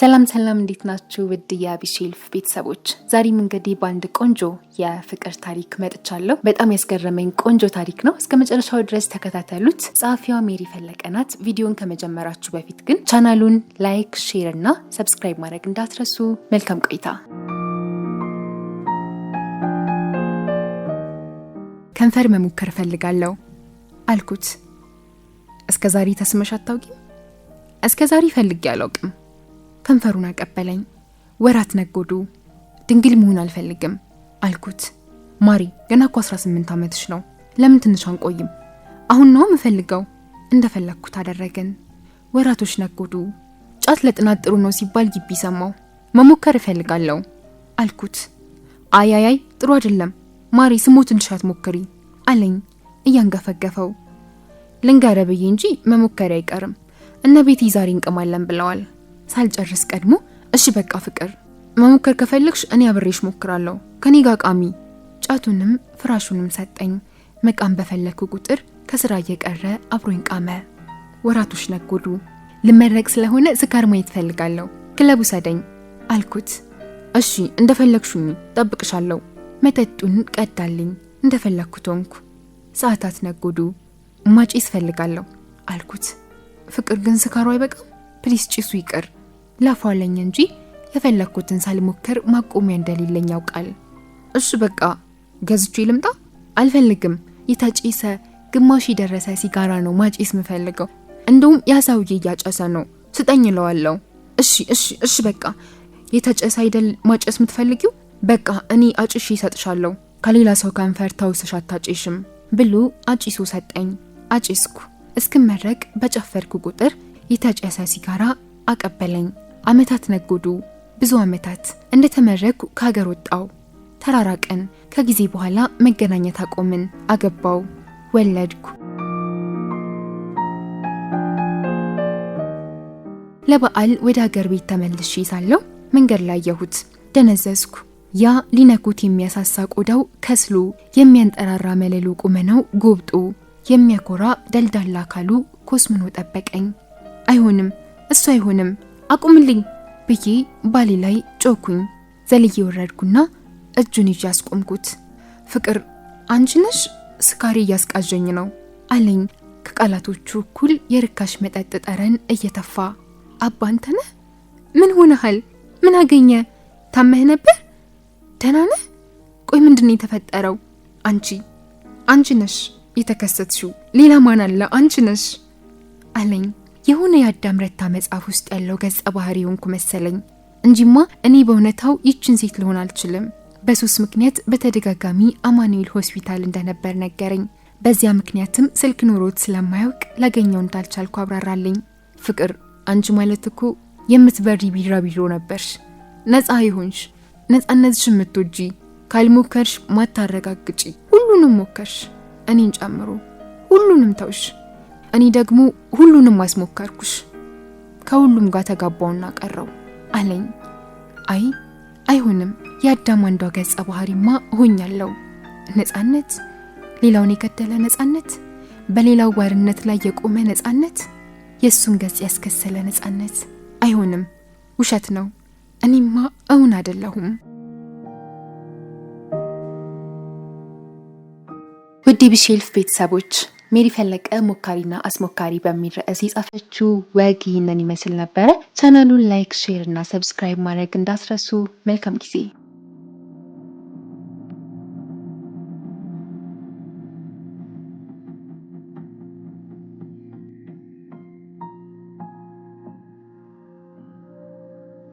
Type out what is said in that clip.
ሰላም ሰላም፣ እንዴት ናችሁ? ውድ የአቢሼልፍ ቤተሰቦች፣ ዛሬም እንግዲህ በአንድ ቆንጆ የፍቅር ታሪክ መጥቻለሁ። በጣም ያስገረመኝ ቆንጆ ታሪክ ነው። እስከ መጨረሻው ድረስ ተከታተሉት። ጸሐፊዋ ሜሪ ፈለቀ ናት። ቪዲዮን ከመጀመራችሁ በፊት ግን ቻናሉን ላይክ፣ ሼር እና ሰብስክራይብ ማድረግ እንዳትረሱ። መልካም ቆይታ። ከንፈር መሞከር እፈልጋለሁ አልኩት። እስከ ዛሬ ተስመሽ አታውቂም? እስከ ዛሬ ፈልጌ አላውቅም ከንፈሩን አቀበለኝ። ወራት ነጎዱ። ድንግል መሆን አልፈልግም አልኩት። ማሪ ገና እኮ 18 ዓመትሽ ነው። ለምን ትንሽ አንቆይም? አሁን ነው የምፈልገው። እንደፈለግኩት አደረግን። ወራቶች ነጎዱ። ጫት ለጥናት ጥሩ ነው ሲባል ግቢ ሰማው። መሞከር እፈልጋለሁ አልኩት። አያያይ ጥሩ አይደለም ማሪ፣ ስሞ ትንሽ አትሞክሪ አለኝ እያንገፈገፈው። ልንገረ እንጂ መሞከሪ አይቀርም። እነ ቤቴ ዛሬ እንቅማለን ብለዋል። ሳልጨርስ ቀድሞ እሺ በቃ ፍቅር መሞከር ከፈለግሽ እኔ አብሬሽ ሞክራለሁ፣ ከኔ ጋር ቃሚ። ጫቱንም ፍራሹንም ሰጠኝ። መቃም በፈለግኩ ቁጥር ከስራ እየቀረ አብሮኝ ቃመ። ወራቶች ነጎዱ። ልመረቅ ስለሆነ ስካር ማየት ፈልጋለሁ፣ ክለቡ ሰደኝ አልኩት። እሺ እንደፈለግሹኝ ጠብቅሻለሁ። መጠጡን ቀዳልኝ። እንደፈለግኩ ቶንኩ ሰዓታት ነጎዱ። ማጭ ፈልጋለሁ አልኩት። ፍቅር ግን ስካሩ አይበቃም፣ ፕሊስ ጭሱ ይቅር ላፏለኝ እንጂ የፈለግኩትን ሳልሞክር ማቆሚያ እንደሌለኝ ያውቃል። እሱ በቃ ገዝቼ ልምጣ። አልፈልግም። የታጨሰ ግማሽ የደረሰ ሲጋራ ነው ማጨስ ምፈልገው። እንደውም ያ ሰውዬ እያጨሰ ነው፣ ስጠኝ እለዋለሁ። እሺ እሺ እሺ በቃ የታጨሰ አይደል ማጨስ የምትፈልጊው? በቃ እኔ አጭሽ ይሰጥሻለሁ። ከሌላ ሰው ከንፈር ተውስሽ አታጭሽም ብሎ አጭሶ ሰጠኝ። አጭስኩ። እስክመረቅ በጨፈርኩ ቁጥር የታጨሰ ሲጋራ አቀበለኝ። አመታት ነጎዱ። ብዙ አመታት እንደተመረኩ ከሀገር ወጣው። ተራራቅን። ከጊዜ በኋላ መገናኘት አቆምን። አገባው፣ ወለድኩ። ለበዓል ወደ ሀገር ቤት ተመልሼ ሳለሁ መንገድ ላይ የሁት ደነዘዝኩ። ያ ሊነኩት የሚያሳሳ ቆዳው ከስሎ የሚያንጠራራ መለሉ ቁመናው ጎብጦ የሚያኮራ ደልዳላ አካሉ ኮስምኖ ጠበቀኝ። አይሆንም፣ እሱ አይሆንም አቁምልኝ ብዬ ባሌ ላይ ጮኩኝ። ዘልዬ ወረድኩና እጁን ይዤ አስቆምኩት። ፍቅር አንቺ ነሽ፣ ስካሪ እያስቃዣኝ ነው አለኝ። ከቃላቶቹ እኩል የርካሽ መጠጥ ጠረን እየተፋ አባ አንተ ነህ? ምን ሆነሃል? ምን አገኘ? ታመህ ነበር? ደህና ነህ? ቆይ ምንድን የተፈጠረው? አንቺ አንቺ ነሽ የተከሰትሽው፣ ሌላ ማን አለ? አንቺ ነሽ አለኝ። የሆነ የአዳም ረታ መጽሐፍ ውስጥ ያለው ገጸ ባህሪ ሆንኩ መሰለኝ እንጂማ እኔ በእውነታው ይችን ሴት ልሆን አልችልም። በሱስ ምክንያት በተደጋጋሚ አማኑኤል ሆስፒታል እንደነበር ነገረኝ። በዚያ ምክንያትም ስልክ ኖሮት ስለማያውቅ ላገኘው እንዳልቻልኩ አብራራልኝ። ፍቅር አንቺ ማለት እኮ የምትበሪ ቢራቢሮ ነበርሽ። ነፃ ይሆንሽ ነፃነትሽ የምትወጂ ካልሞከርሽ ማታረጋግጪ ሁሉንም ሞከርሽ እኔን ጨምሮ ሁሉንም ተውሽ። እኔ ደግሞ ሁሉንም አስሞከርኩሽ፣ ከሁሉም ጋር ተጋባውና ቀረው አለኝ። አይ አይሆንም፣ የአዳም አንዷ ገጸ ባህሪማ ሆኛለሁ። ነጻነት፣ ሌላውን የከተለ ነጻነት፣ በሌላው ባርነት ላይ የቆመ ነጻነት፣ የእሱን ገጽ ያስከሰለ ነጻነት። አይሆንም፣ ውሸት ነው። እኔማ እውን አይደለሁም። ውድ የብሼልፍ ቤተሰቦች ሜሪ ፈለቀ ሞካሪና አስሞካሪ በሚል ርዕስ የጻፈችው ወግ ይህንን ይመስል ነበረ። ቻናሉን ላይክ፣ ሼር እና ሰብስክራይብ ማድረግ እንዳስረሱ። መልካም ጊዜ